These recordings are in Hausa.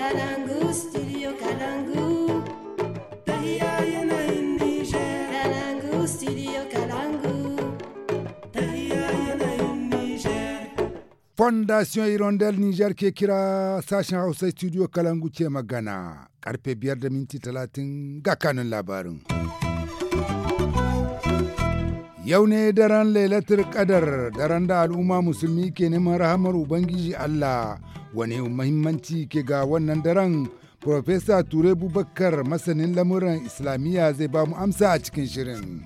Kalangu, studio Kalangu. Fondation Irondel Niger ke kira sashen Hausa studio Kalangu ce magana. Karfe biyar da minti talatin ga kanun labarin. Yau ne daren lailatar ƙadar, daren da al'umma musulmi ke neman rahamar Ubangiji Allah wani muhimmanci ke ga wannan daren Profesa Ture Bubakar masanin lamuran Islamiyya zai ba mu amsa a cikin shirin.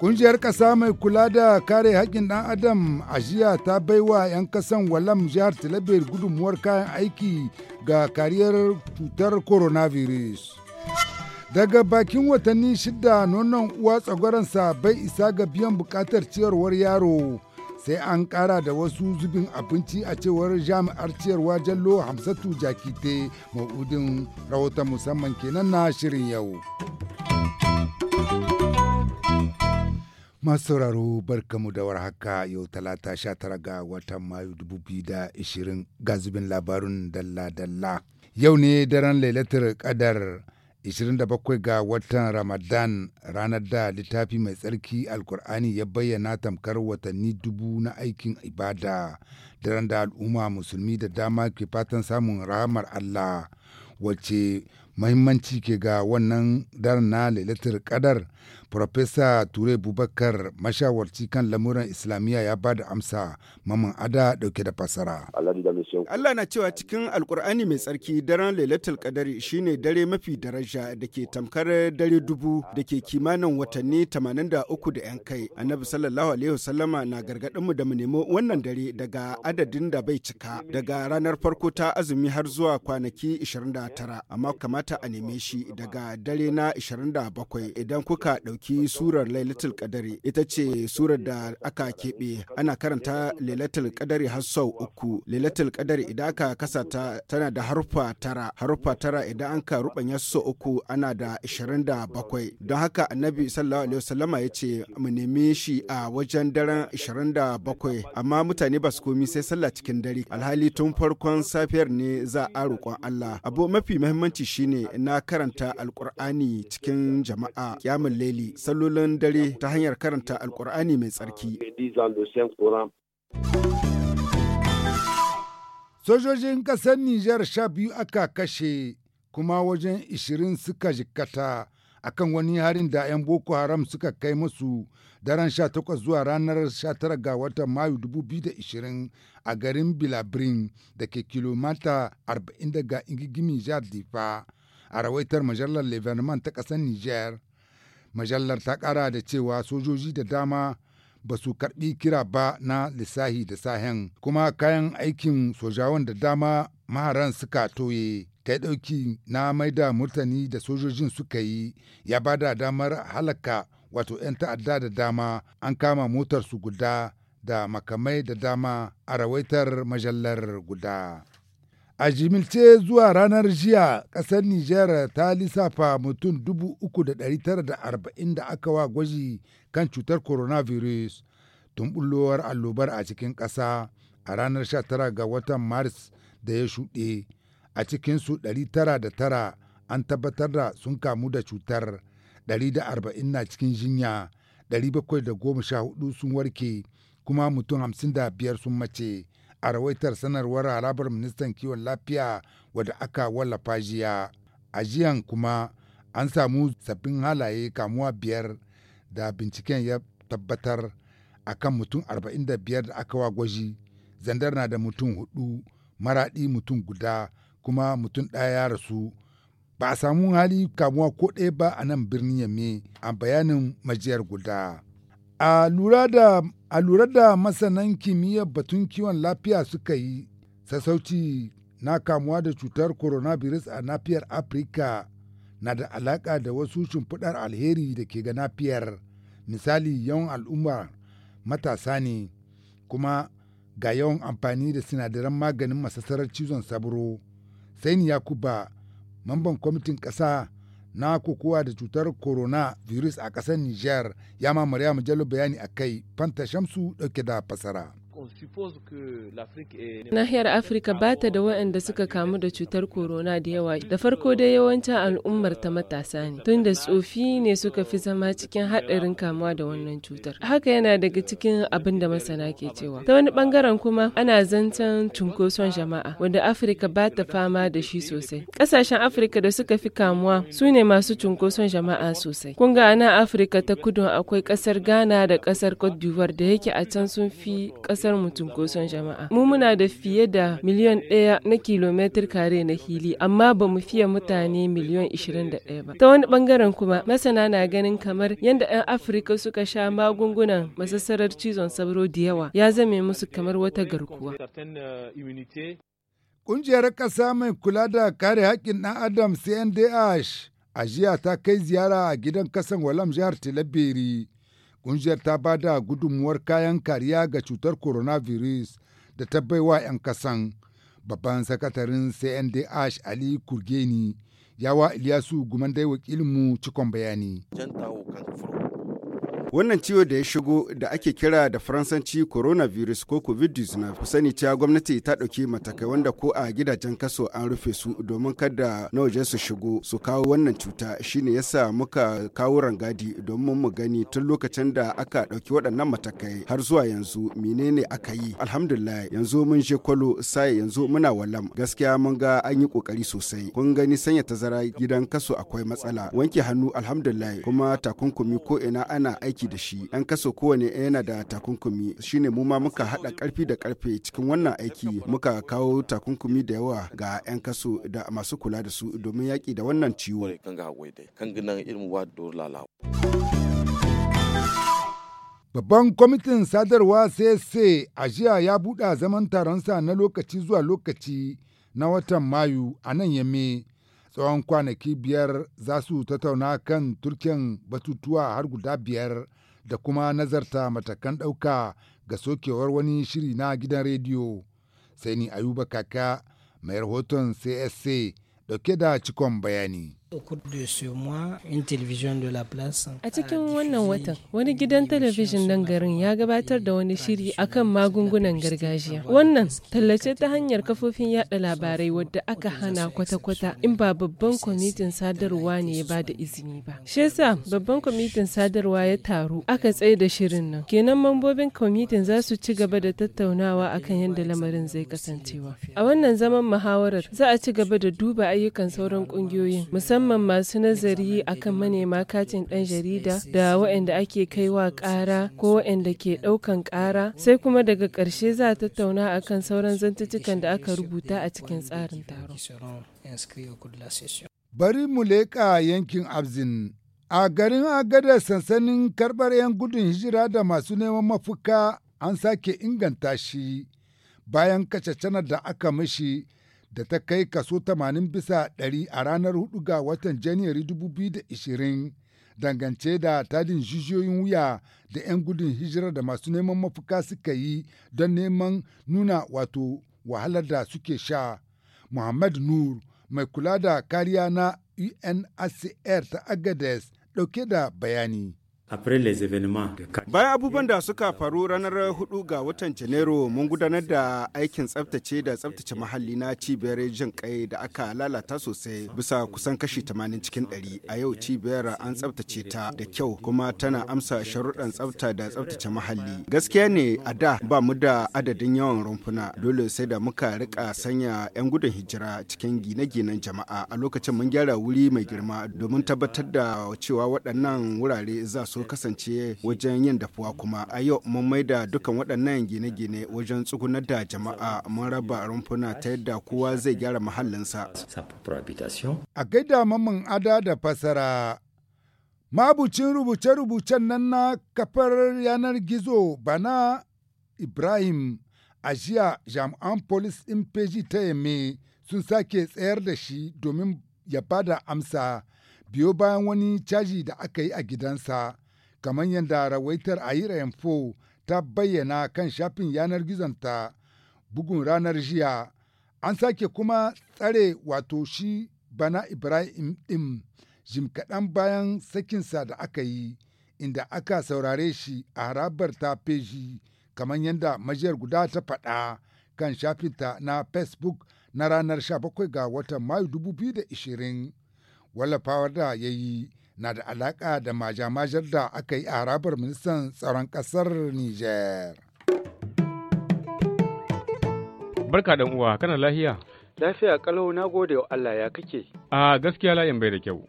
Kungiyar ƙasa mai kula da kare haƙƙin ɗan adam a jiya ta baiwa 'yan kasan walam jihar Talabir gudunmuwar kayan aiki ga kariyar cutar coronavirus. daga bakin watanni shida nonon uwa tsagwaransa bai isa ga biyan bukatar ciyarwar yaro sai an kara da wasu zubin abinci a cewar jami'ar ciyarwa jallo hamsatu jakite ma'udin rahoton musamman kenan na shirin yau masu sauraro barkamu da warhaka yau talata sha tara ga watan mayu 2020 ga zubin labarun dalla-dalla yau ne daren lailatar kadar 27 ga watan Ramadan ranar da littafi mai tsarki Alkur'ani ya bayyana tamkar watanni dubu na aikin ibada, daren da al'umma musulmi da dama ke fatan samun rahamar Allah, wacce mahimmanci ke ga wannan daren na lailatul kadar Profesa Ture Bubakar mashawarci kan lamuran Islamiyya ya ba da amsa maman ada dauke da fasara. Allah na cewa cikin Alkur'ani mai tsarki daren Lailatul kadari shine dare mafi daraja da ke tamkar dare dubu da ke kimanin watanni 83 da yan kai. Annabi sallallahu alaihi wasallama na gargaɗinmu da mu nemo wannan dare daga adadin da bai cika daga ranar farko ta azumi har zuwa kwanaki 29 amma kamata a neme shi daga dare na 27 idan kuka dauki ɗauki surar lailatul kadari ita ce surar da aka keɓe ana karanta lailatul kadari har sau uku lailatul kadari idan aka kasa ta tana da harfa tara harfa tara idan an ka rubanya sau uku ana da ishirin da bakwai don haka annabi sallallahu alaihi wasallama ya ce mu neme shi a wajen daren ishirin da bakwai amma mutane ba su komi sai sallah cikin dare alhali tun farkon safiyar ne za a roƙon Allah abu mafi muhimmanci shine na karanta alkur'ani cikin jama'a kyamun laili misali sallolin dare ta hanyar karanta alkur'ani mai tsarki. Sojojin ƙasar Nijar sha biyu aka kashe kuma wajen ishirin suka jikkata akan wani harin da 'yan Boko Haram suka kai musu daren 18 zuwa ranar 19 ga watan Mayu 2020 a garin bilabirin da ke kilomita 40 daga Ingigimi Jihar Difa a rawaitar majalar Leverman ta ƙasar Nijar. Majallar ta kara da cewa sojoji da dama ba su karɓi kira ba na lissahi da sahen kuma kayan aikin sojawan da dama maharan suka toye. kai ɗauki na maida murtani da sojojin suka yi ya ba da damar halaka wato 'yan ta'adda da dama an kama motarsu guda da makamai da dama a rawaitar majallar guda. A jimilce zuwa ranar jiya ƙasar Nijar ta lissafa mutum 3,940 da aka wa gwaji kan cutar coronavirus tun bullowar allobar a cikin ƙasa a ranar 19 ga watan Maris da ya shuɗe. A cikinsu 909 an tabbatar da sun kamu da cutar, 140 na cikin jinya, 714 sun warke, kuma mutum 55 sun mace. a rawaitar sanarwar harabar ministan kiwon lafiya wadda aka wallafa jiya. A jiyan kuma an samu sabbin halaye kamuwa biyar da binciken ya tabbatar a kan mutum 45 da aka wa gwaji, zandar na da mutum hudu, maraɗi mutum guda, kuma mutum ɗaya ya rasu. Ba a samu hali kamuwa ko ɗaya ba a nan birnin Yamme a bayanin majiyar guda. A lura da masanan kimiyyar batun kiwon lafiya suka yi, sassauci na kamuwa da cutar coronavirus a nafiyar Afirka na da alaƙa da wasu shimfiɗar alheri da ke ga nafiyar, misali yawan al'umma matasa ne, kuma ga yawan amfani da sinadaran maganin masasarar cizon sabro. Saini Yakuba, mamban kwamitin ƙasa na kokowa da cutar corona virus a ƙasar niger ya ma mujallar bayani a kai Fanta Shamsu dauke da fasara. Nahiyar Afirka ba ta da waɗanda suka kamu da cutar korona da yawa. Da farko dai yawancin al'ummar ta matasa ne, tunda tsofi ne suka fi zama cikin haɗarin kamuwa da wannan cutar. Haka yana daga cikin abin da masana ke cewa. Ta wani bangaren kuma ana zancen cunkoson jama'a, wanda Afirka ba ta fama da shi sosai. Ƙasashen Afirka da suka fi kamuwa su ne masu cunkoson jama'a sosai. Kun ga nan Afirka ta kudu akwai ƙasar Ghana da ƙasar Cote d'Ivoire da yake a can sun fi ƙasar mu cunkoson jama'a mu muna da fiye da miliyan ɗaya na kilometir kare na hili amma ba mu fiye mutane miliyan 21 ba ta wani bangaren kuma masana na ganin kamar yadda 'yan afirka suka sha magungunan masassarar cizon sauro da yawa ya zame musu kamar wata garkuwa Ƙungiyar ƙasa mai kula da kare haƙƙin ɗan Adam CNDH a jiya ta kai ziyara a gidan kasan Walam jihar Tilabiri Ƙungiyar ta ba da gudunmuwar kayan kariya ga cutar coronavirus da ta baiwa 'yan kasan. Babban sakatarin CNDH Ali Kurgeni yawa Ilyasu Gumandai wakilinmu cikon bayani. Wannan ciwo da ya shigo da ake kira da Faransanci coronavirus ko COVID-19 sani cewa gwamnati ta ɗauki matakai wanda ko a gidajen kaso an rufe su domin kada na waje su shigo su kawo wannan cuta shine yasa muka kawo rangadi domin mu gani tun lokacin da aka ɗauki waɗannan matakai har zuwa yanzu menene aka yi. Alhamdulillah yanzu mun je kwalo sai yanzu muna walam gaskiya mun ga an yi kokari sosai kun gani sanya tazara gidan kaso akwai matsala wanke hannu alhamdulillah kuma takunkumi ko ina ana aiki aiki da shi yan kaso kowane yana da takunkumi shine mu ma muka hada karfi da karfe cikin wannan aiki muka kawo takunkumi da yawa ga yan kaso da masu kula da su domin yaki da wannan ciwo Babban kwamitin sadarwa CSA a jiya ya buɗa zaman taron sa na lokaci zuwa lokaci na watan Mayu a nan Yame tsawon kwanaki biyar za su tattauna kan turken batutuwa har guda biyar da kuma nazarta matakan ɗauka ga sokewar wani shiri na gidan rediyo sai ni ayuba kaka mai rahoton csc dauke da cikon bayani. A cikin wannan watan, wani gidan talabijin nan garin ya gabatar da wani shiri akan magungunan gargajiya. Wannan tallace ta hanyar kafofin yada labarai wadda aka hana kwata-kwata in ba babban kwamitin sadarwa ne ya ba da izini ba. Shesa babban kwamitin sadarwa ya taru aka tsaye da shirin nan. Kenan mambobin kwamitin za su ci gaba da tattaunawa akan yadda lamarin zai kasancewa. A wannan zaman muhawarar za a ci gaba da duba ayyukan sauran ƙungiyoyin, musamman musamman masu nazari akan manema katin ɗan jarida da waɗanda ake kaiwa ƙara ko waɗanda ke ɗaukan ƙara sai kuma daga ƙarshe za a tattauna akan sauran zantuttukan da aka rubuta a cikin tsarin taron. Bari mu leƙa yankin Abzin. A garin Agadar sansanin karɓar 'yan gudun hijira da masu neman mafuka an sake inganta shi bayan kacacanar da aka mashi. da ta kai kaso 80 bisa 100 a ranar 4 ga watan Janairu 2020 dangance da tadin jijiyoyin wuya da 'yan gudun hijira da masu neman mafuka suka yi don neman nuna wato wahalar da suke sha. Muhammad Nur mai kula da kariya na UNHCR ta Agades ɗauke da bayani. Bayan abubuwan da suka faru ranar 4 ga watan Janairu mun gudanar da aikin tsaftace da tsaftace muhalli na cibiyar jin kai da aka lalata sosai bisa kusan kashi 80 cikin 100 a yau cibiyar an tsaftace ta da kyau kuma tana amsa sharuɗan tsafta da tsaftace muhalli. Gaskiya ne a da ba mu da adadin yawan rumfuna dole sai da muka rika sanya 'yan gudun hijira cikin gine-ginen jama'a a lokacin mun gyara wuri mai girma domin tabbatar da cewa waɗannan wurare za su kasance wajen yin dafuwa kuma a yau mun maida dukan waɗannan gine-gine wajen tsugunar da jama'a mun raba rumfuna ta yadda kowa zai gyara muhallinsa. A gaida mamman ada da fasara mabucin rubuce-rubucen nan na kafar yanar gizo bana Ibrahim a jiya jami'an polis in peji ta yame sun sake tsayar da shi domin ya bada amsa biyo bayan wani caji da aka yi a gidansa kamar yadda rawaitar ayira Info ta bayyana kan shafin yanar gizonta bugun ranar jiya, an sake kuma tsare wato shi bana Ibrahim ɗin jim kaɗan bayan sakinsa da aka yi, inda aka saurare shi a harabar ta feji kamar yadda majiyar guda ta faɗa kan shafinta na Facebook na ranar 17 ga watan Mayu 2020, wallafawar da ya yi. na da alaƙa da majamajar da aka yi a harabar ministan tsaron ƙasar Nijar. Barka ɗan uwa kana lahiya? Lafiya kalau na gode wa Allah ya kake. A gaskiya layin bai da kyau.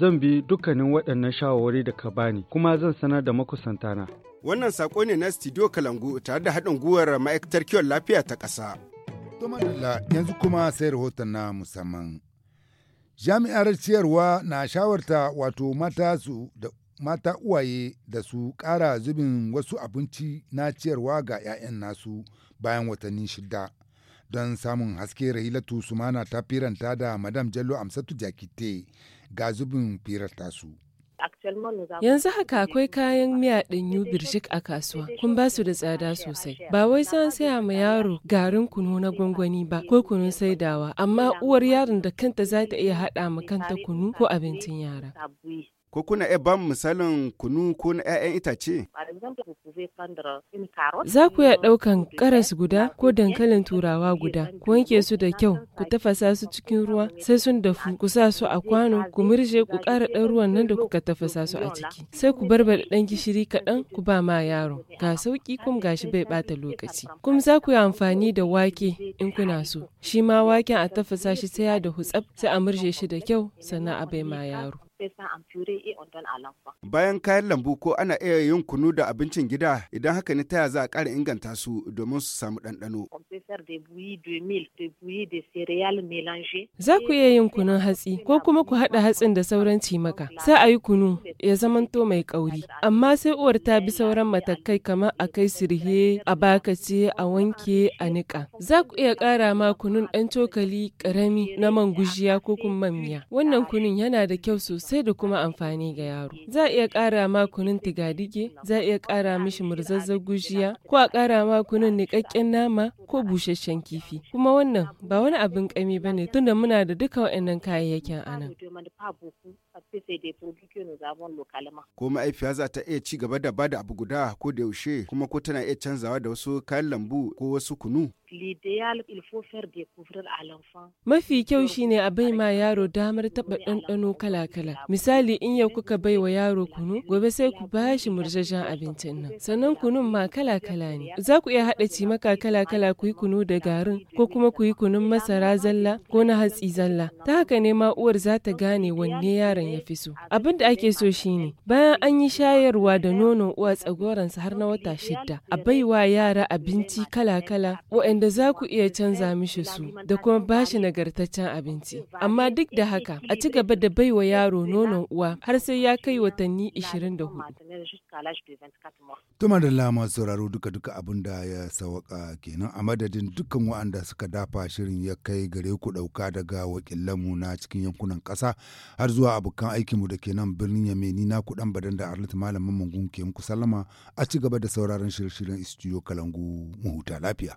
zan bi dukkanin waɗannan shawarwari da ka bani kuma zan sanar da makusantana. Wannan saƙo ne na Studio Kalangu tare da haɗin gwiwar ma'aikatar kiwon lafiya ta ƙasa. yanzu kuma sai rahoton na musamman. Jami'ar ciyarwa na shawarta wato mata su da mata uwaye da su ƙara zubin wasu abinci na ciyarwa ga 'ya'yan nasu bayan watanni shida. Don samun haske Rahilatu Sumana ta firanta da Madam Jallo Amsatu Jakite ga zubin firar tasu. Yanzu haka akwai kayan miya ɗanyu birjik a kasuwa, kun ba su da tsada sosai. Ba wai san saya ma yaro garin kunu na gwangwani ba ko kunun saidawa, amma uwar yaron da kanta za ta iya haɗa ma kanta kunu ko abincin yara. Ko kuna iya ban misalin kunu ko na 'ya'yan itace? Za ku iya ɗaukan karas guda ko dankalin turawa guda, ku wanke su da kyau, ku tafasa su cikin ruwa, sai sun dafu, ku sa su a kwano, ku murje ku ƙara ɗan ruwan nan da kuka tafasa su a ciki. Sai ku barbaɗa ɗan gishiri kaɗan ku ba ma yaro. Ga sauƙi kum gashi bai ɓata lokaci. Kum za ku yi amfani da wake in kuna so. Shi ma waken a tafasa shi sai ya dahu tsaf, sai a murje shi da kyau sannan a bai ma yaro. Bayan kayan lambu ko ana iya yin kunu da abincin gida idan haka ne taya za a ƙara inganta su domin su samu ɗanɗano. Za ku iya yin kunun hatsi ko kuma ku haɗa hatsin da sauran cimaka. Sai a yi kunu ya zamanto mai ƙauri. Amma sai uwar ta bi sauran matakai kamar a kai sirhe, a bakace, a wanke, a niƙa. Za ku iya ƙara ma kunun ɗan cokali ƙarami na man gujiya ko kuma man miya. Wannan kunun yana da kyau sosai. sai da kuma amfani ga yaro. Za a iya kara makunin tigadige, za a iya ƙara mishi murzazzar gujiya, ko a kara makunin kunun niƙaƙƙen nama ko busasshen kifi. Kuma wannan ba wani abin ƙami ba ne tunda muna da duka waɗannan kayayyakin a nan. Ko ma'aifiya za ta iya ci gaba da bada abu guda ko da yaushe kuma ko tana iya canzawa da wasu kayan lambu ko wasu kunu. il faut faire découvrir à Mafi kyau shine a bai ma yaro damar taɓa ɗanɗano kala-kala. Misali in yau kuka bai wa yaro kunu, gobe sai ku ba shi murjajen abincin nan. Sannan kunun ma kala-kala ne. Za ku iya haɗa cimaka kala-kala ku yi kunu da garin, ko kuma ku yi kunun masara zalla ko na hatsi zalla. Ta haka ne ma uwar za ta gane wanne yaron ya fi so. Abin da ake so shine bayan an yi shayarwa da nono uwa tsagoransa har na wata shidda, a baiwa yara abinci kala-kala waɗanda wanda za ku iya canza mishi su da kuma bashi nagartaccen abinci. Amma duk da haka a ci gaba da baiwa yaro nonon uwa har sai ya kai watanni 24. Tuma da lama sauraro duka-duka abin da ya sawaka kenan a madadin dukkan waɗanda suka dafa shirin ya kai gare ku ɗauka daga wakilanmu na cikin yankunan ƙasa har zuwa abokan aikinmu da ke nan birnin yamini na kuɗan badan da Arlit Malam Mamman Gunke muku sallama a ci gaba da sauraron shirye-shiryen Studio Kalangu mu huta lafiya.